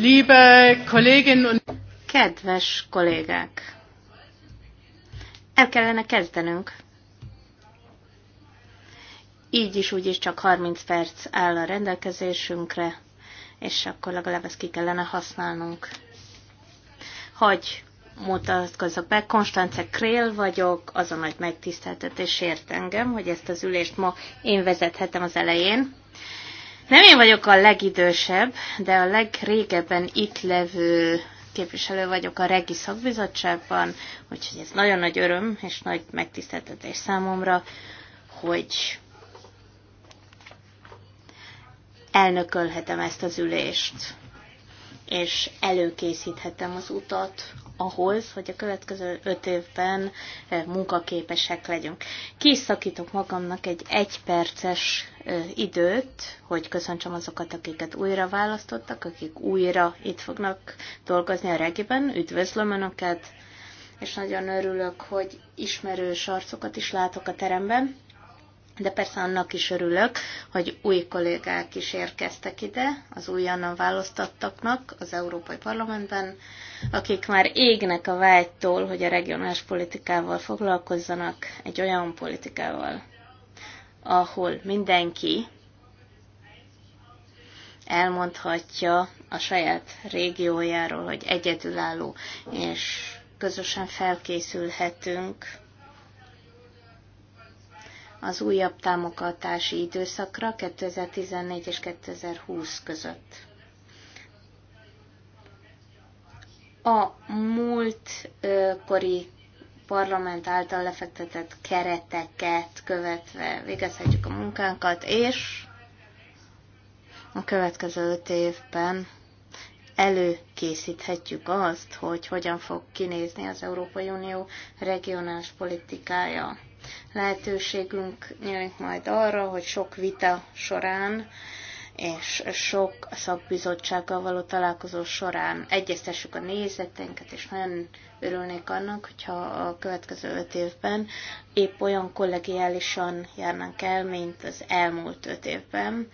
Liebe Kolleginnen und Kedves kollégák! El kellene kezdenünk. Így is, úgy is csak 30 perc áll a rendelkezésünkre, és akkor legalább ezt ki kellene használnunk. Hogy mutatkozok be, Konstance Krél vagyok, az a nagy megtiszteltetés ért engem, hogy ezt az ülést ma én vezethetem az elején nem én vagyok a legidősebb, de a legrégebben itt levő képviselő vagyok a Regi Szakbizottságban, úgyhogy ez nagyon nagy öröm és nagy megtiszteltetés számomra, hogy elnökölhetem ezt az ülést, és előkészíthetem az utat ahhoz, hogy a következő öt évben eh, munkaképesek legyünk. Kiszakítok magamnak egy egyperces eh, időt, hogy köszöntsem azokat, akiket újra választottak, akik újra itt fognak dolgozni a regiben. Üdvözlöm Önöket, és nagyon örülök, hogy ismerős arcokat is látok a teremben de persze annak is örülök, hogy új kollégák is érkeztek ide, az újonnan választattaknak az Európai Parlamentben, akik már égnek a vágytól, hogy a regionális politikával foglalkozzanak, egy olyan politikával, ahol mindenki elmondhatja a saját régiójáról, hogy egyedülálló, és közösen felkészülhetünk az újabb támogatási időszakra 2014 és 2020 között. A múltkori parlament által lefektetett kereteket követve végezhetjük a munkánkat, és a következő öt évben előkészíthetjük azt, hogy hogyan fog kinézni az Európai Unió regionális politikája lehetőségünk nyílik majd arra, hogy sok vita során és sok szakbizottsággal való találkozó során egyeztessük a nézeteinket, és nagyon örülnék annak, hogyha a következő öt évben épp olyan kollegiálisan járnánk el, mint az elmúlt öt évben.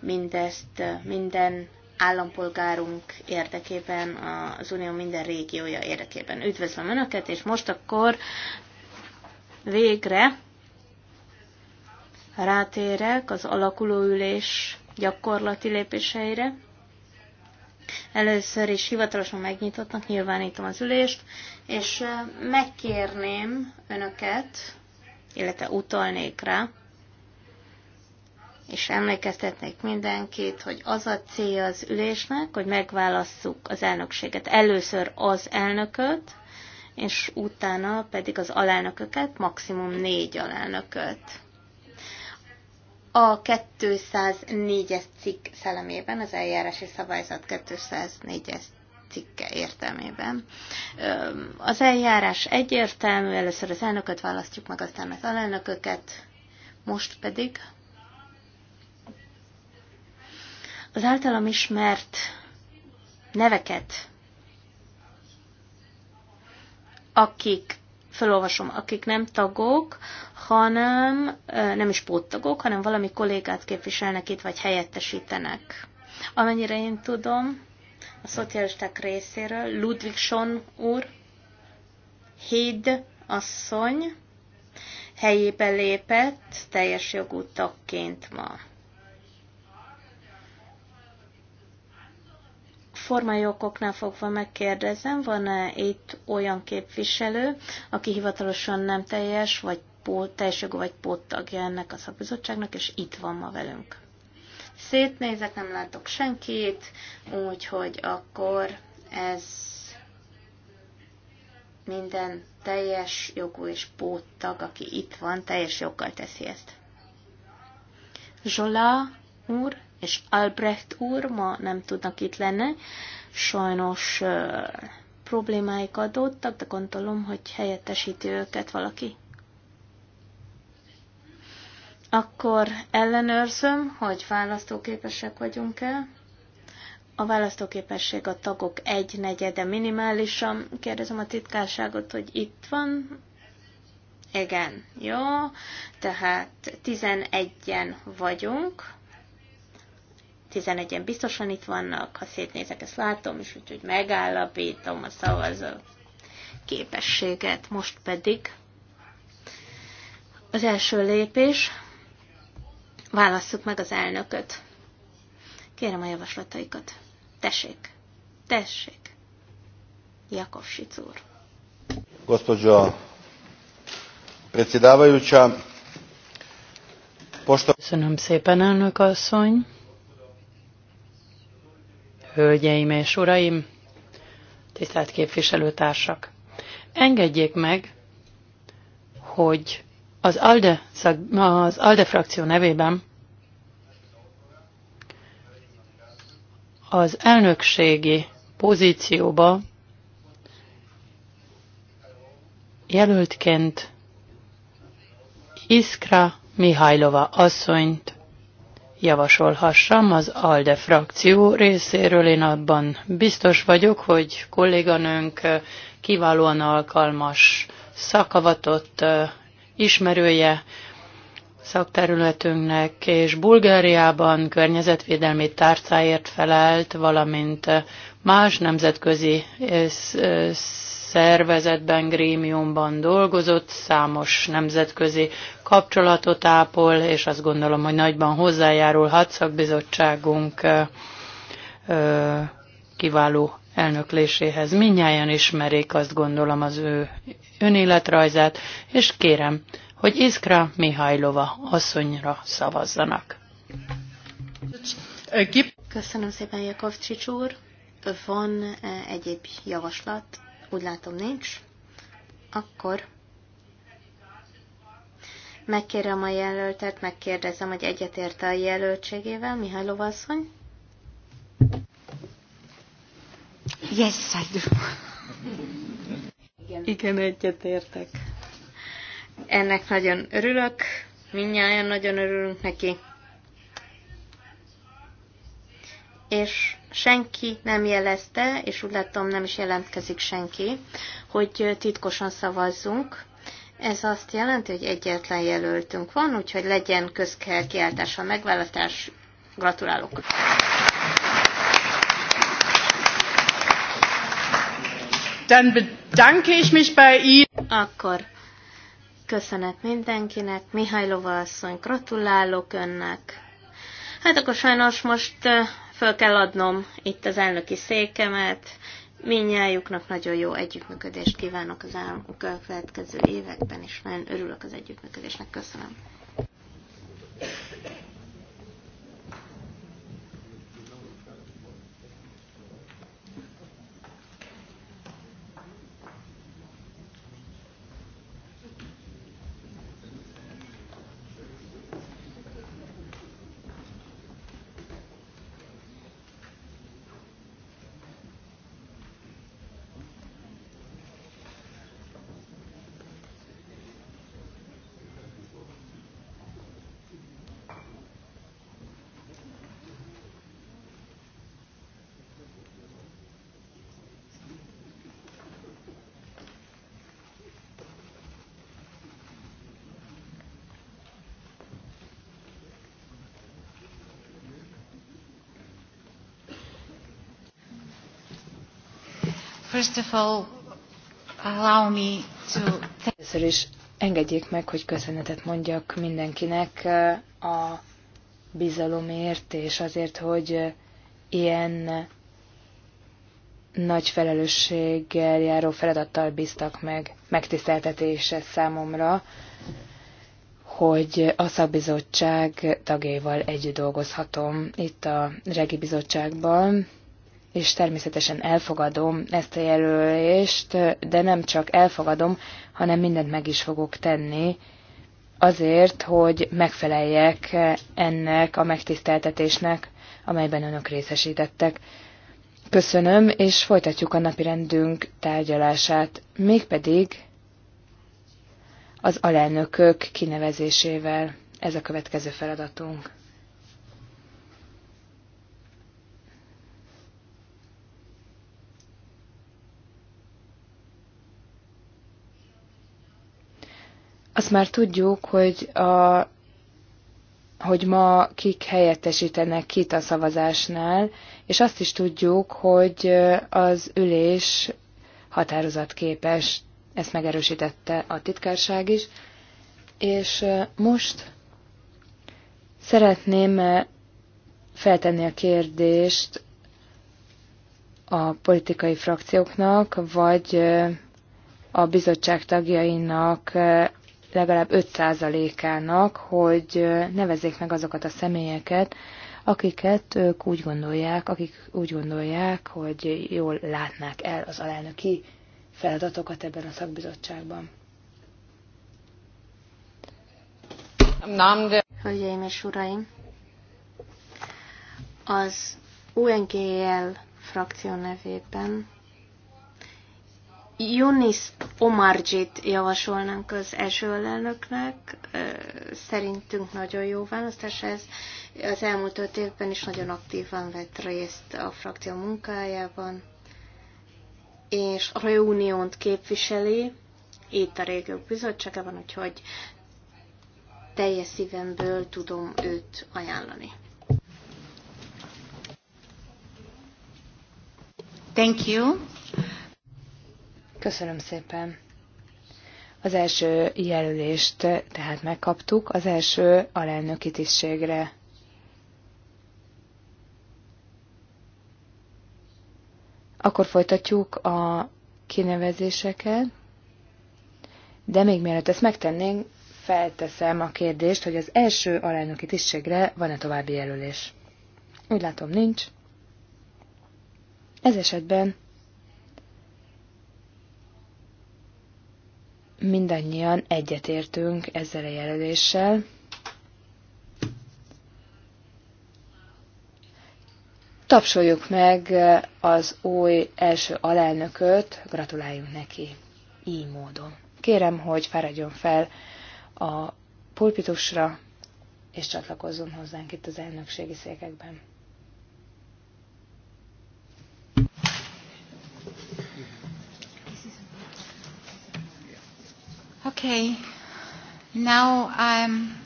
Mindezt minden állampolgárunk érdekében, az Unió minden régiója érdekében. Üdvözlöm Önöket, és most akkor végre rátérek az alakulóülés gyakorlati lépéseire. Először is hivatalosan megnyitottnak nyilvánítom az ülést, és megkérném önöket, illetve utalnék rá, és emlékeztetnék mindenkit, hogy az a célja az ülésnek, hogy megválasszuk az elnökséget. Először az elnököt, és utána pedig az alelnököket, maximum négy alelnököt. A 204-es cikk szellemében, az eljárási szabályzat 204-es cikke értelmében. Az eljárás egyértelmű, először az elnököt választjuk meg, aztán az alelnököket, most pedig az általam ismert neveket akik, felolvasom, akik nem tagok, hanem nem is póttagok, hanem valami kollégát képviselnek itt, vagy helyettesítenek. Amennyire én tudom, a szocialisták részéről Ludwigson úr, Híd asszony helyébe lépett teljes jogú tagként ma. formai okoknál fogva megkérdezem, van-e itt olyan képviselő, aki hivatalosan nem teljes, vagy pót, teljes jogú, vagy póttagja ennek a szakbizottságnak, és itt van ma velünk. Szétnézek, nem látok senkit, úgyhogy akkor ez minden teljes jogú és póttag, aki itt van, teljes joggal teszi ezt. Zsola úr, és Albrecht úr ma nem tudnak itt lenni. Sajnos uh, problémáik adódtak, de gondolom, hogy helyettesíti őket valaki. Akkor ellenőrzöm, hogy választóképesek vagyunk-e. A választóképesség a tagok egy negyede minimálisan. Kérdezem a titkárságot, hogy itt van. Igen, jó. Tehát 11-en vagyunk. 11-en biztosan itt vannak, ha szétnézek, ezt látom, és úgyhogy megállapítom a szavazó képességet. Most pedig az első lépés, válasszuk meg az elnököt. Kérem a javaslataikat. Tessék, tessék, Jakovsic úr. Gospodja posta. Köszönöm szépen, elnök asszony. Hölgyeim és uraim, tisztelt képviselőtársak! Engedjék meg, hogy az ALDE, az ALDE frakció nevében az elnökségi pozícióba jelöltként Iskra Mihajlova asszonyt javasolhassam az ALDE frakció részéről. Én abban biztos vagyok, hogy kolléganőnk kiválóan alkalmas, szakavatott ismerője szakterületünknek, és Bulgáriában környezetvédelmi tárcáért felelt, valamint más nemzetközi szervezetben, grémiumban dolgozott, számos nemzetközi kapcsolatot ápol, és azt gondolom, hogy nagyban hozzájárul szakbizottságunk kiváló elnökléséhez. Minnyáján ismerik, azt gondolom, az ő önéletrajzát, és kérem, hogy Iskra Mihajlova asszonyra szavazzanak. Köszönöm szépen, Jakovcsics úr. Van e, egyéb javaslat? Úgy látom, nincs. Akkor Megkérem a jelöltet, megkérdezem, hogy egyetérte a jelöltségével, Mihály asszony. Yes, I do. Igen, Igen egyetértek. Ennek nagyon örülök, mindnyáján nagyon örülünk neki. És senki nem jelezte, és úgy látom nem is jelentkezik senki, hogy titkosan szavazzunk, ez azt jelenti, hogy egyetlen jelöltünk van, úgyhogy legyen közkel kiáltás a megválasztás. Gratulálok! Dann bedanke ich mich bei Ihnen. Akkor köszönet mindenkinek, Mihajlova asszony, gratulálok önnek. Hát akkor sajnos most föl kell adnom itt az elnöki székemet, Minnyájuknak nagyon jó együttműködést kívánok az következő években, és nagyon örülök az együttműködésnek. Köszönöm. Először is engedjék meg, hogy köszönetet mondjak mindenkinek eh, a bizalomért, és azért, hogy eh, ilyen nagy felelősséggel járó feladattal bíztak meg. megtiszteltetése számomra, hogy a szakbizottság tagjaival együtt dolgozhatom itt a Regi Bizottságban és természetesen elfogadom ezt a jelölést, de nem csak elfogadom, hanem mindent meg is fogok tenni azért, hogy megfeleljek ennek a megtiszteltetésnek, amelyben önök részesítettek. Köszönöm, és folytatjuk a napirendünk tárgyalását, mégpedig az alelnökök kinevezésével. Ez a következő feladatunk. Azt már tudjuk, hogy, a, hogy ma kik helyettesítenek kit a szavazásnál, és azt is tudjuk, hogy az ülés határozatképes. Ezt megerősítette a titkárság is. És most szeretném feltenni a kérdést a politikai frakcióknak, vagy a bizottság tagjainak legalább 5%-ának, hogy nevezzék meg azokat a személyeket, akiket ők úgy gondolják, akik úgy gondolják, hogy jól látnák el az alelnöki feladatokat ebben a szakbizottságban. Hölgyeim és uraim, az UNGL frakció nevében Yunis Omarjit javasolnánk az első alelnöknek, szerintünk nagyon jó választás ez. Az elmúlt öt évben is nagyon aktívan vett részt a frakció munkájában, és a Reuniont képviseli, itt a régió bizottságában, úgyhogy teljes szívemből tudom őt ajánlani. Thank you. Köszönöm szépen. Az első jelölést tehát megkaptuk, az első alelnöki tisztségre. Akkor folytatjuk a kinevezéseket, de még mielőtt ezt megtennénk, felteszem a kérdést, hogy az első alelnöki tisztségre van-e további jelölés. Úgy látom, nincs. Ez esetben mindannyian egyetértünk ezzel a jelöléssel. Tapsoljuk meg az új első alelnököt, gratuláljunk neki így módon. Kérem, hogy fáradjon fel a pulpitusra, és csatlakozzon hozzánk itt az elnökségi székekben. Okay. Now I'm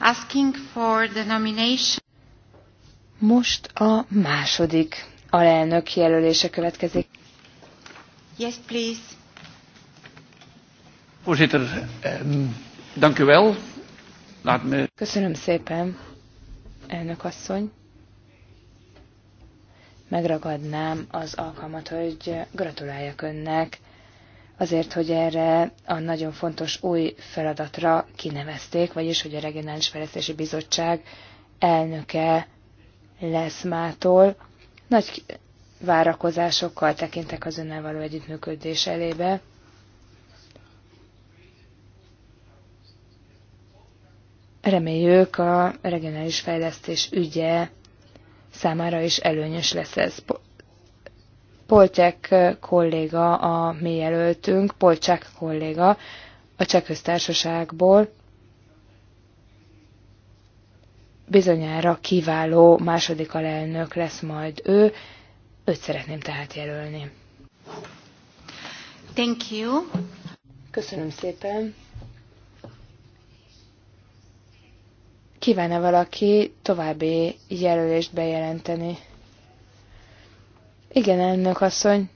asking for the nomination. Most a második alelnök jelölése következik. Yes, please. Voorzitter, ehm, dank u wel. Laat me... Köszönöm szépen, elnök asszony. Megragadnám az alkalmat, hogy gratuláljak önnek azért, hogy erre a nagyon fontos új feladatra kinevezték, vagyis hogy a Regionális Fejlesztési Bizottság elnöke lesz mától. Nagy várakozásokkal tekintek az önnel való együttműködés elébe. Reméljük a regionális fejlesztés ügye számára is előnyös lesz ez. Polcsák kolléga a mi jelöltünk, Polcsák kolléga a Csehköztársaságból bizonyára kiváló második alelnök lesz majd ő, őt szeretném tehát jelölni. Thank you. Köszönöm szépen. Kívánna -e valaki további jelölést bejelenteni? Igen, elnök asszony.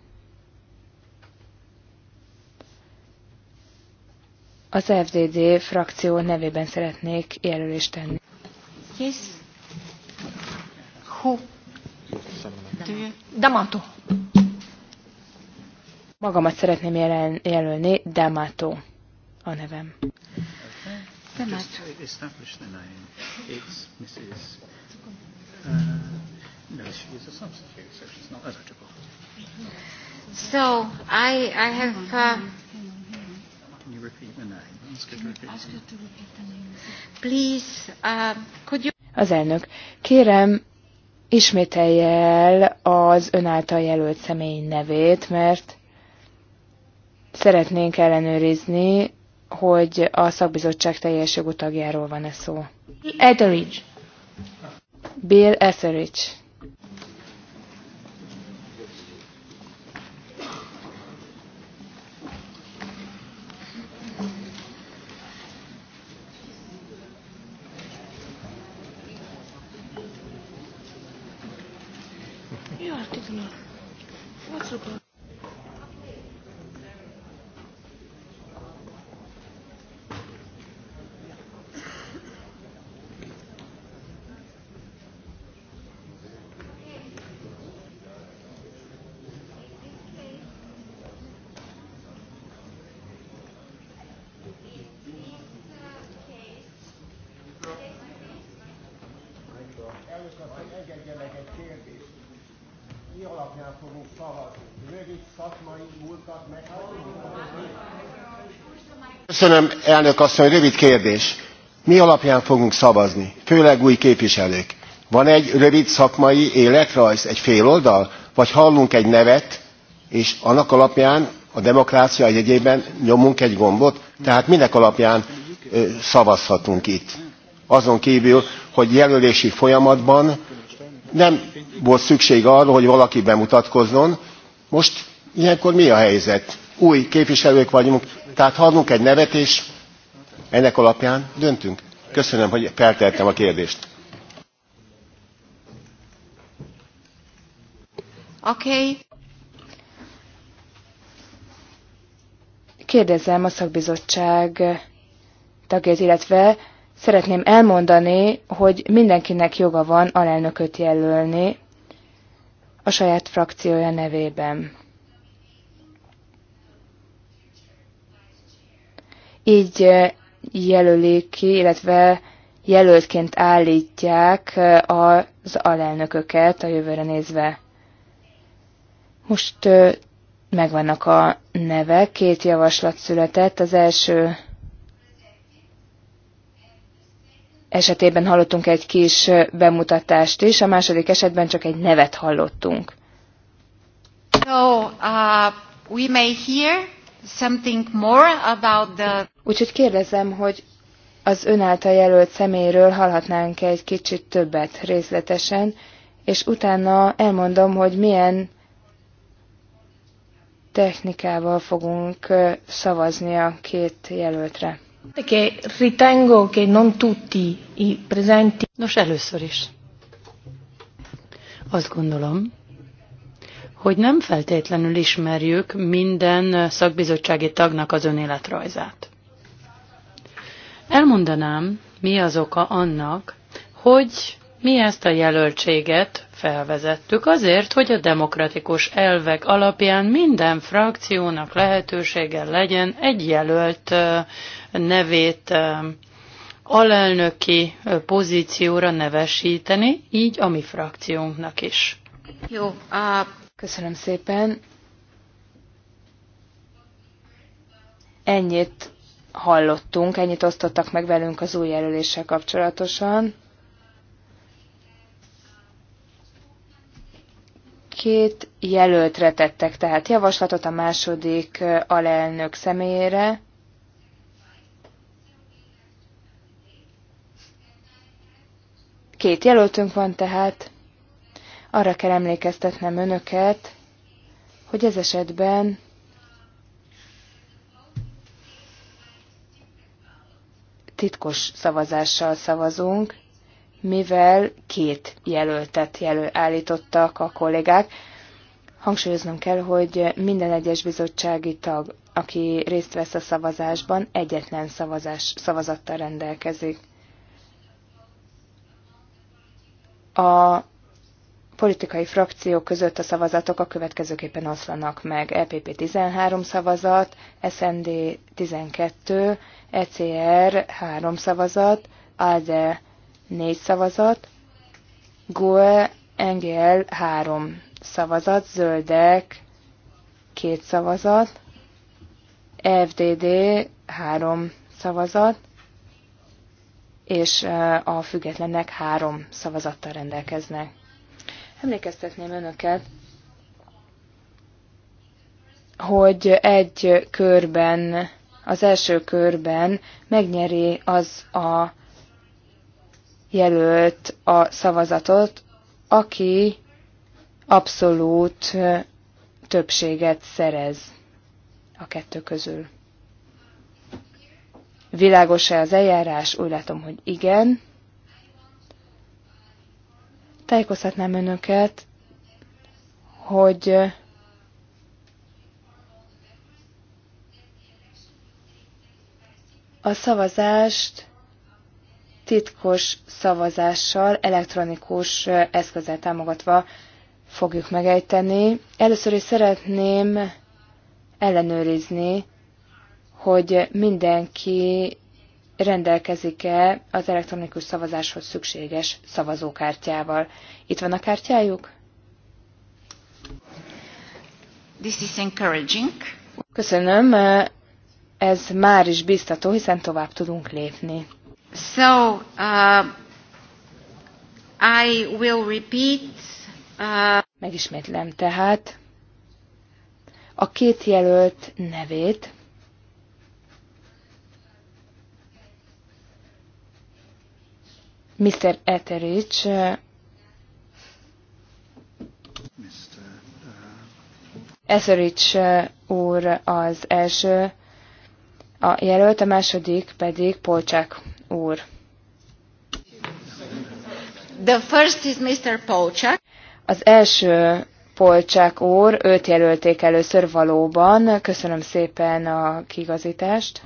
Az FDD frakció nevében szeretnék jelölést tenni. Yes. Who? Damato. Magamat szeretném jel jelölni, Damato a nevem. Damato so I, I have. Uh, Can you repeat the name? Please, uh, could you? Az elnök, kérem, ismételje el az ön által jelölt személy nevét, mert szeretnénk ellenőrizni, hogy a szakbizottság teljes jogú tagjáról van-e szó. Etheridge. Bill Etheridge. Köszönöm, elnök asszony, rövid kérdés. Mi alapján fogunk szavazni, főleg új képviselők? Van egy rövid szakmai életrajz, egy fél oldal? Vagy hallunk egy nevet, és annak alapján a demokrácia jegyében nyomunk egy gombot? Tehát minek alapján szavazhatunk itt? Azon kívül, hogy jelölési folyamatban nem volt szükség arra, hogy valaki bemutatkozzon. Most ilyenkor mi a helyzet? új képviselők vagyunk, tehát hallunk egy nevet, és ennek alapján döntünk. Köszönöm, hogy felteltem a kérdést. Oké. Okay. Kérdezem a szakbizottság tagjait, illetve szeretném elmondani, hogy mindenkinek joga van alelnököt jelölni a saját frakciója nevében. Így jelölik ki, illetve jelöltként állítják az alelnököket a jövőre nézve. Most megvannak a nevek, két javaslat született. Az első esetében hallottunk egy kis bemutatást is, a második esetben csak egy nevet hallottunk. So, uh, we may hear something more about the... Úgyhogy kérdezem, hogy az ön által jelölt személyről hallhatnánk -e egy kicsit többet részletesen, és utána elmondom, hogy milyen technikával fogunk szavazni a két jelöltre. ritengo non tutti i presenti. Nos, először is. Azt gondolom, hogy nem feltétlenül ismerjük minden szakbizottsági tagnak az önéletrajzát. Elmondanám, mi az oka annak, hogy mi ezt a jelöltséget felvezettük azért, hogy a demokratikus elvek alapján minden frakciónak lehetősége legyen egy jelölt nevét alelnöki pozícióra nevesíteni, így a mi frakciónknak is. Jó, á, köszönöm szépen. Ennyit hallottunk, ennyit osztottak meg velünk az új jelöléssel kapcsolatosan. Két jelöltre tettek tehát javaslatot a második alelnök személyére. Két jelöltünk van tehát. Arra kell emlékeztetnem önöket, hogy ez esetben titkos szavazással szavazunk, mivel két jelöltet jelöl, állítottak a kollégák. Hangsúlyoznom kell, hogy minden egyes bizottsági tag, aki részt vesz a szavazásban, egyetlen szavazás, szavazattal rendelkezik. A politikai frakciók között a szavazatok a következőképpen oszlanak meg. EPP 13 szavazat, SND 12, ECR 3 szavazat, ALDE 4 szavazat, GUE NGL 3 szavazat, Zöldek 2 szavazat, e FDD 3 szavazat, és e, a függetlenek három szavazattal rendelkeznek. Emlékeztetném önöket, hogy egy körben, az első körben megnyeri az a jelölt a szavazatot, aki abszolút többséget szerez a kettő közül. Világos-e az eljárás? Úgy látom, hogy igen. Tájékoztatnám önöket, hogy a szavazást titkos szavazással, elektronikus eszközzel támogatva fogjuk megejteni. Először is szeretném ellenőrizni, hogy mindenki rendelkezik-e az elektronikus szavazáshoz szükséges szavazókártyával. Itt van a kártyájuk? This is encouraging. Köszönöm, ez már is biztató, hiszen tovább tudunk lépni. So, uh, I will repeat. Uh, Megismétlem tehát a két jelölt nevét. Mr. Etheridge uh, Eszerics uh, uh, úr az első a jelölt, a második pedig Polcsák úr. The first is Mr. Polcsák. Az első Polcsák úr, őt jelölték először valóban. Köszönöm szépen a kigazítást.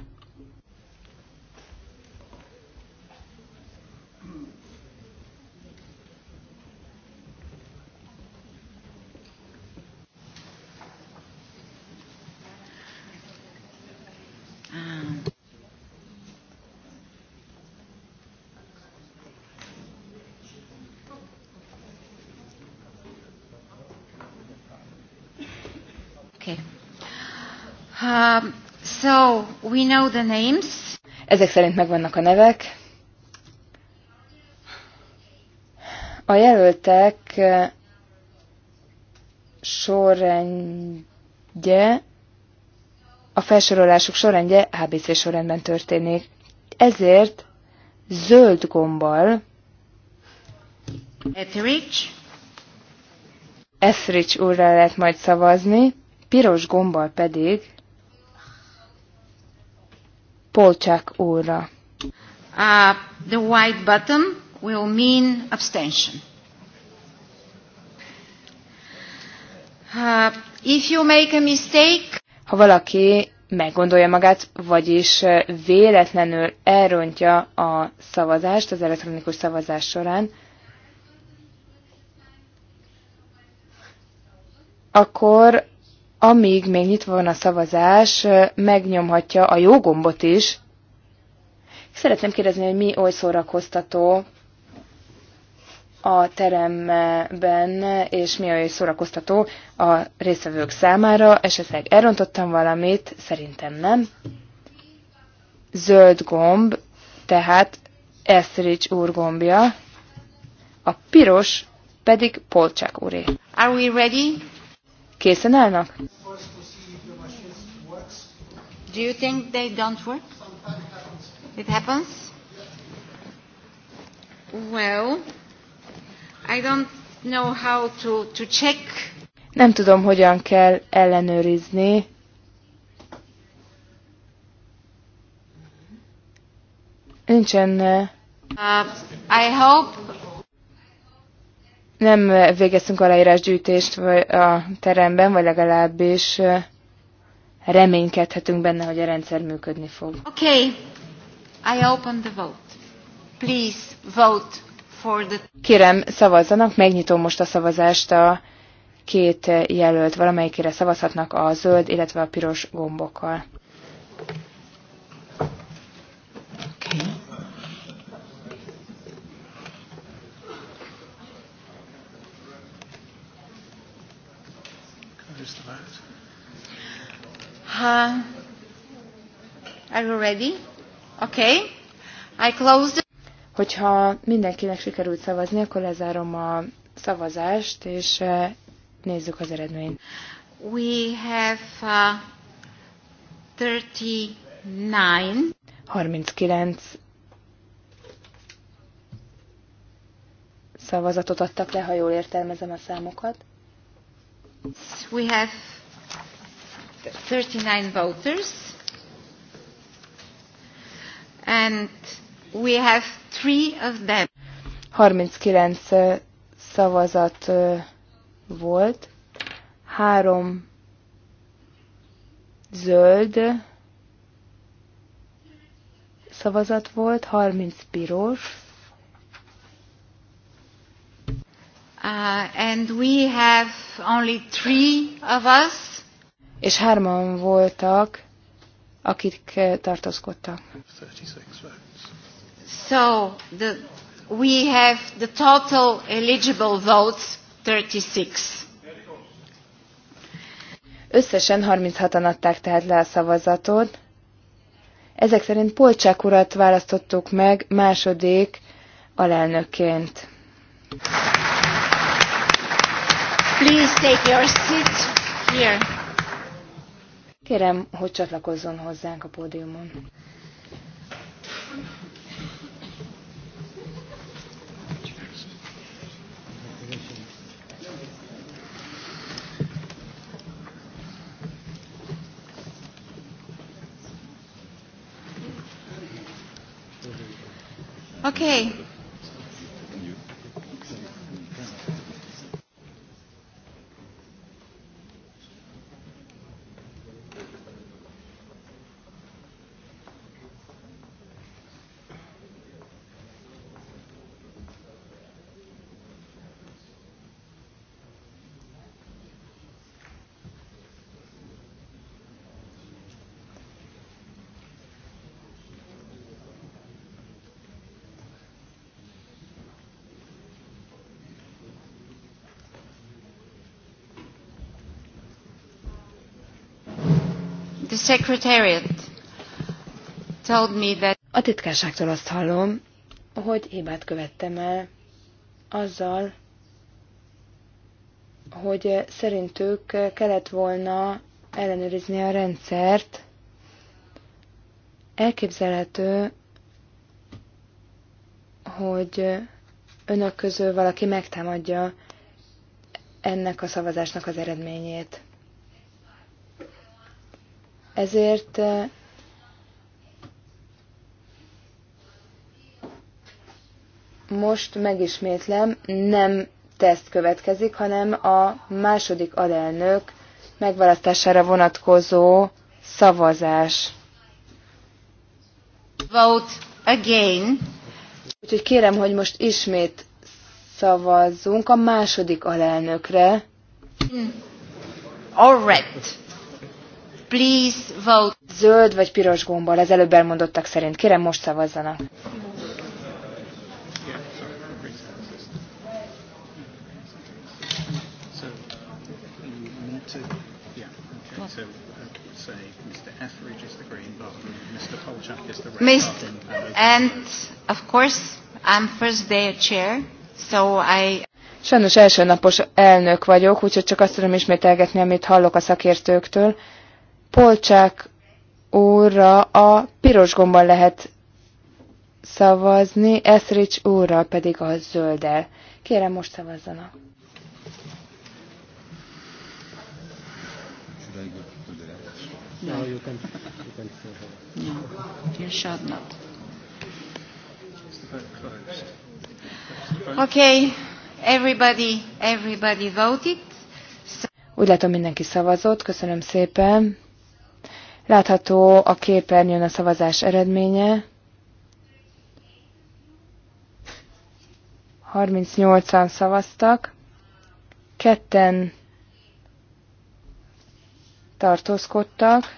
Um, so, we know the names. Ezek szerint megvannak a nevek. A jelöltek uh, sorrendje, a felsorolások sorrendje ABC sorrendben történik. Ezért zöld gombbal Etheridge. Etheridge úrra lehet majd szavazni, piros gombbal pedig Polcsák úrra. Uh, the white button will mean abstention. Uh, if you make a mistake... Ha valaki meggondolja magát, vagyis uh, véletlenül elrontja a szavazást az elektronikus szavazás során, akkor amíg még nyitva van a szavazás, megnyomhatja a jó gombot is. Szeretném kérdezni, hogy mi oly szórakoztató a teremben, és mi olyan szórakoztató a résztvevők számára. Esetleg elrontottam valamit, szerintem nem. Zöld gomb, tehát Eszrics úr gombja, a piros pedig Polcsák úré. Are we ready? Készen állnak? Do you think they don't work? It happens? Well, I don't know how to, to check. Nem tudom, hogyan kell ellenőrizni. Nincsen. Eh, uh, I hope nem végeztünk aláírásgyűjtést a teremben, vagy legalábbis reménykedhetünk benne, hogy a rendszer működni fog. Okay. I open the vote. Please vote for the... Kérem, szavazzanak, megnyitom most a szavazást a két jelölt, valamelyikére szavazhatnak a zöld, illetve a piros gombokkal. Okay. Uh, are you ready? Okay. I closed. Hogyha mindenkinek sikerült szavazni, akkor lezárom a szavazást, és uh, nézzük az eredményt. We have uh, 39. 39 szavazatot adtak le, ha jól értelmezem a számokat. We have 39 voters. And we have three of them. 39 szavazat volt, három zöld szavazat volt, 30 piros. Uh, and we have only three of us és hárman voltak, akik eh, tartózkodtak. So the, we have the total eligible votes 36. Összesen 36-an adták tehát le a szavazatot. Ezek szerint Polcsák urat választottuk meg második alelnökként. Please take your seat here. Kérem, hogy csatlakozzon hozzánk a pódiumon. Okay. Secretariat told me that a titkárságtól azt hallom, hogy hibát követtem el azzal, hogy szerintük kellett volna ellenőrizni a rendszert. Elképzelhető, hogy önök közül valaki megtámadja ennek a szavazásnak az eredményét. Ezért eh, most megismétlem, nem teszt következik, hanem a második alelnök megválasztására vonatkozó szavazás. Vote again. Úgyhogy kérem, hogy most ismét szavazzunk a második alelnökre. All right. Please vote. Zöld vagy piros gombbal, az előbb elmondottak szerint. Kérem, most szavazzanak. Mr. And of course, I'm first day chair, so I Sajnos első napos elnök vagyok, úgyhogy csak azt tudom ismételgetni, amit hallok a szakértőktől. Polcsák úrra a piros gombbal lehet szavazni, Eszrics úrra pedig a zölddel. Kérem, most szavazzanak. Okay, everybody, everybody voted. Úgy látom, mindenki szavazott. Köszönöm szépen. Látható a képernyőn a szavazás eredménye. 38-an szavaztak, ketten tartózkodtak,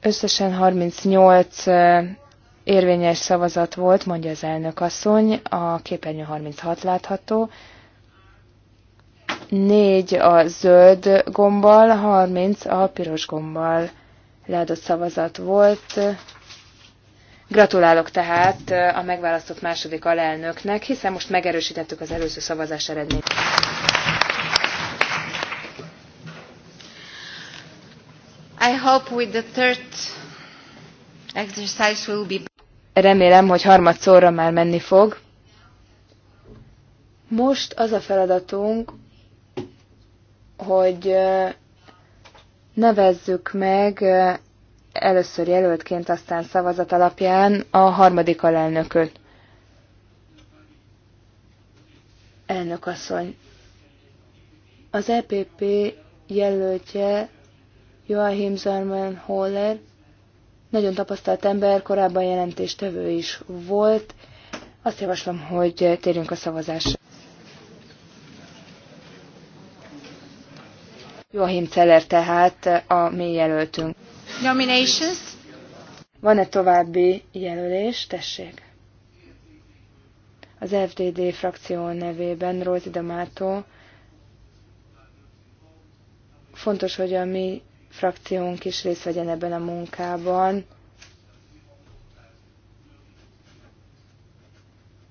összesen 38 érvényes szavazat volt, mondja az elnök asszony, a képernyő 36 látható, 4 a zöld gombbal, 30 a piros gombbal leadott szavazat volt. Gratulálok tehát a megválasztott második alelnöknek, hiszen most megerősítettük az előző szavazás eredményt. I hope with the third exercise will be... Remélem, hogy harmadszorra már menni fog. Most az a feladatunk, hogy nevezzük meg először jelöltként, aztán szavazat alapján a harmadik alelnököt. Elnök asszony, az EPP jelöltje Joachim Zarman Holler nagyon tapasztalt ember, korábban jelentéstevő is volt. Azt javaslom, hogy térjünk a szavazásra. Joachim Celler tehát a mi jelöltünk. Nominations? Van-e további jelölés? Tessék. Az FDD frakció nevében Rózi Damátó. Fontos, hogy a mi frakciónk is részt vegyen ebben a munkában.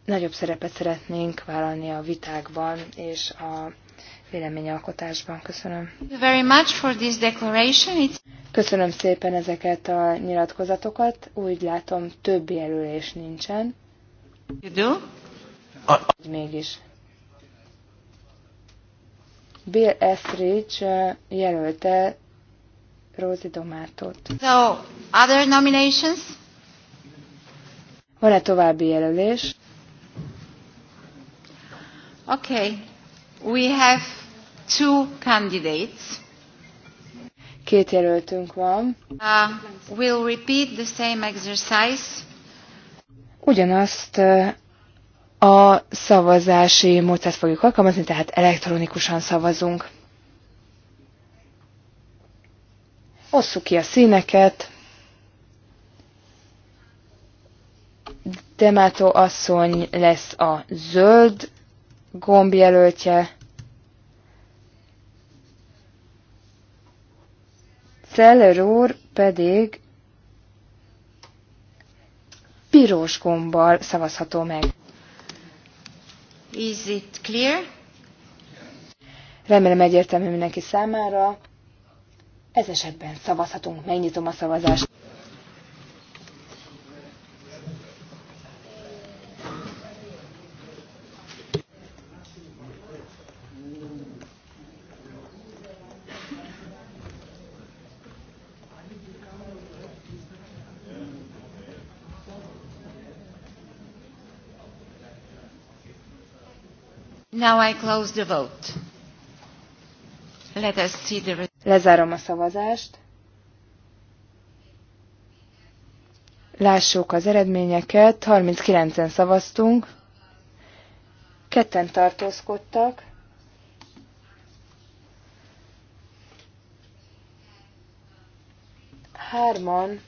Nagyobb szerepet szeretnénk vállalni a vitákban és a véleményalkotásban. Köszönöm. Very much for this declaration. Köszönöm szépen ezeket a nyilatkozatokat. Úgy látom, több jelölés nincsen. You do? Mégis. Bill Estridge jelölte Rosie Domátot. So, other nominations? Van-e további jelölés? Okay, We have two candidates. Két jelöltünk van. Uh, we'll repeat the same exercise. Ugyanazt uh, a szavazási módszert fogjuk alkalmazni, tehát elektronikusan szavazunk. Osszuk ki a színeket. Demato asszony lesz a zöld gombjelöltje. Feller úr pedig piros gombbal szavazható meg. Is it clear? Remélem egyértelmű mindenki számára. Ez esetben szavazhatunk, megnyitom a szavazást. Now I close the vote. Let us see the... Lezárom a szavazást. Lássuk az eredményeket. 39-en szavaztunk. Ketten tartózkodtak. Hárman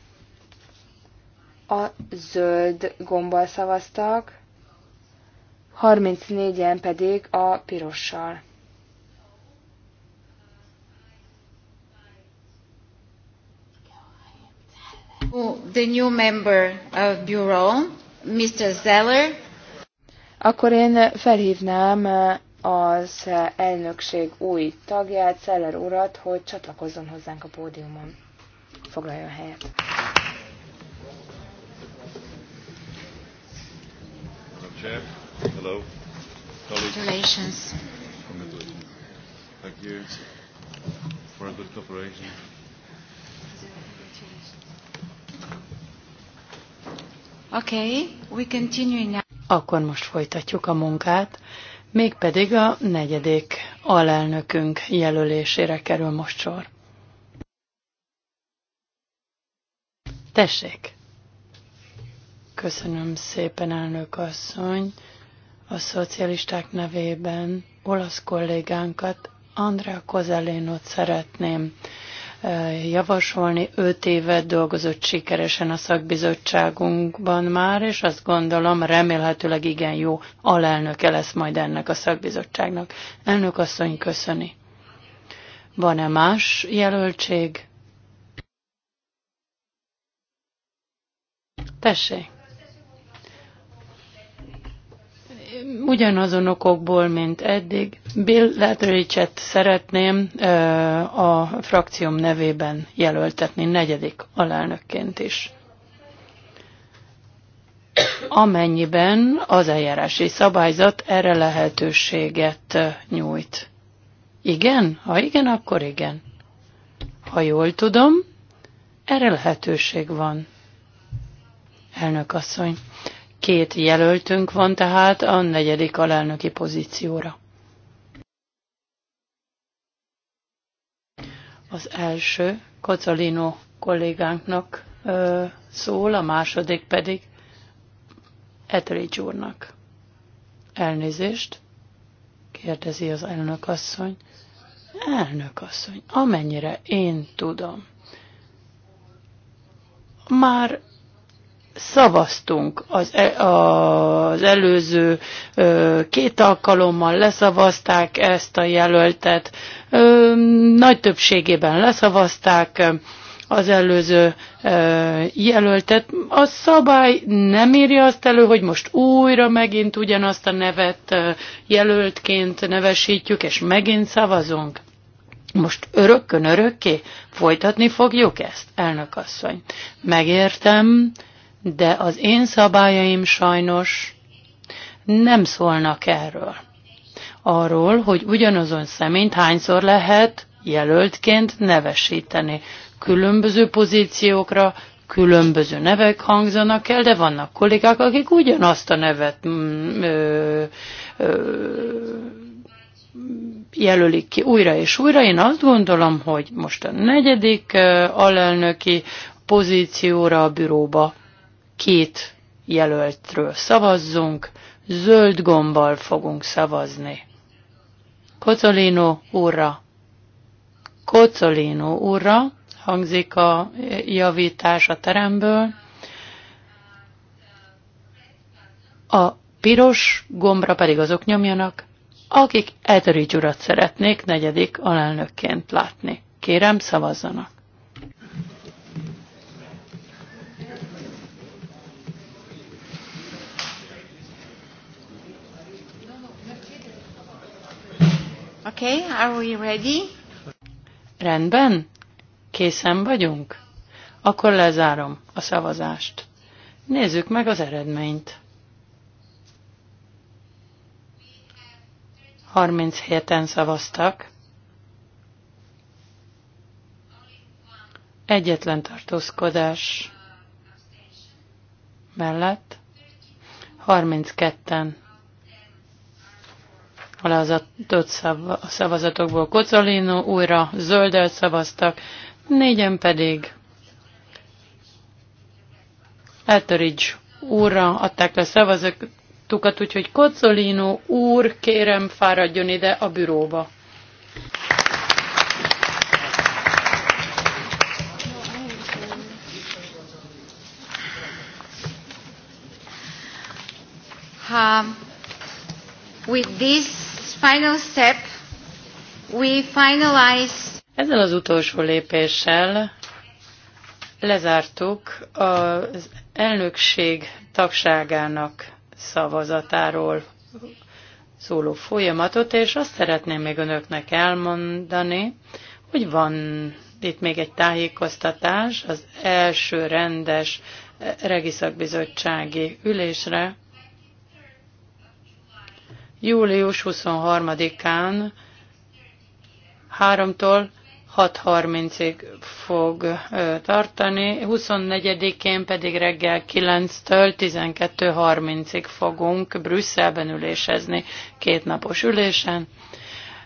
a zöld gombbal szavaztak. 34-en pedig a pirossal. The new member of Bureau, Mr. Zeller. Akkor én felhívnám eh, az elnökség új tagját, Zeller urat, hogy csatlakozzon hozzánk a pódiumon. Foglaljon helyet. Chair. Hello. Congratulations. Thank you for a good cooperation. Okay, we continue now. Akkor most folytatjuk a munkát, mégpedig a negyedik alelnökünk jelölésére kerül most sor. Tessék! Köszönöm szépen, elnök asszony a szocialisták nevében olasz kollégánkat, Andrea Kozelénot szeretném javasolni. Öt évet dolgozott sikeresen a szakbizottságunkban már, és azt gondolom, remélhetőleg igen jó alelnöke lesz majd ennek a szakbizottságnak. Elnök asszony köszöni. Van-e más jelöltség? Tessék! ugyanazon okokból, mint eddig. Bill Letteridge-et szeretném a frakcióm nevében jelöltetni negyedik alelnökként is. Amennyiben az eljárási szabályzat erre lehetőséget nyújt. Igen? Ha igen, akkor igen. Ha jól tudom, erre lehetőség van. Elnök asszony. Két jelöltünk van tehát a negyedik alelnöki pozícióra. Az első Kocolino kollégánknak ö, szól, a második pedig Etheridge úrnak. Elnézést, kérdezi az elnök asszony. Elnök asszony, amennyire én tudom, már szavaztunk az, e, az előző két alkalommal leszavazták ezt a jelöltet, nagy többségében leszavazták az előző jelöltet. A szabály nem írja azt elő, hogy most újra megint ugyanazt a nevet jelöltként nevesítjük, és megint szavazunk. Most örökkön örökké folytatni fogjuk ezt, elnök asszony. Megértem, de az én szabályaim sajnos nem szólnak erről. Arról, hogy ugyanazon személyt hányszor lehet jelöltként nevesíteni. Különböző pozíciókra különböző nevek hangzanak el, de vannak kollégák, akik ugyanazt a nevet mm, ö, ö, jelölik ki újra és újra. Én azt gondolom, hogy most a negyedik alelnöki pozícióra a büróba két jelöltről szavazzunk, zöld gombbal fogunk szavazni. Kocolino úrra. Kocolino úrra hangzik a javítás a teremből. A piros gombra pedig azok nyomjanak, akik Eteri Gyurat szeretnék negyedik alelnökként látni. Kérem, szavazzanak! Okay, are we ready? Rendben? Készen vagyunk? Akkor lezárom a szavazást. Nézzük meg az eredményt. 37-en szavaztak. Egyetlen tartózkodás mellett 32-en alázatott szavazatokból Kocolino újra zöldel szavaztak, négyen pedig Etheridge úrra adták le szavazatukat, úgyhogy Kocolino úr, kérem fáradjon ide a büróba. Um, with this final step, we finalize... Ezzel az utolsó lépéssel lezártuk az elnökség tagságának szavazatáról szóló folyamatot, és azt szeretném még önöknek elmondani, hogy van itt még egy tájékoztatás az első rendes eh, regiszakbizottsági ülésre, Július 23-án 3-tól 6.30-ig fog tartani, 24-én pedig reggel 9-től 12.30-ig fogunk Brüsszelben ülésezni kétnapos ülésen,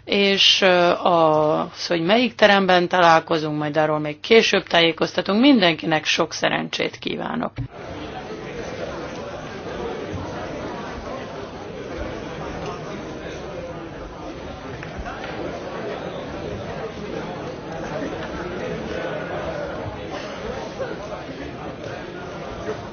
és az, hogy melyik teremben találkozunk, majd arról még később tájékoztatunk, mindenkinek sok szerencsét kívánok!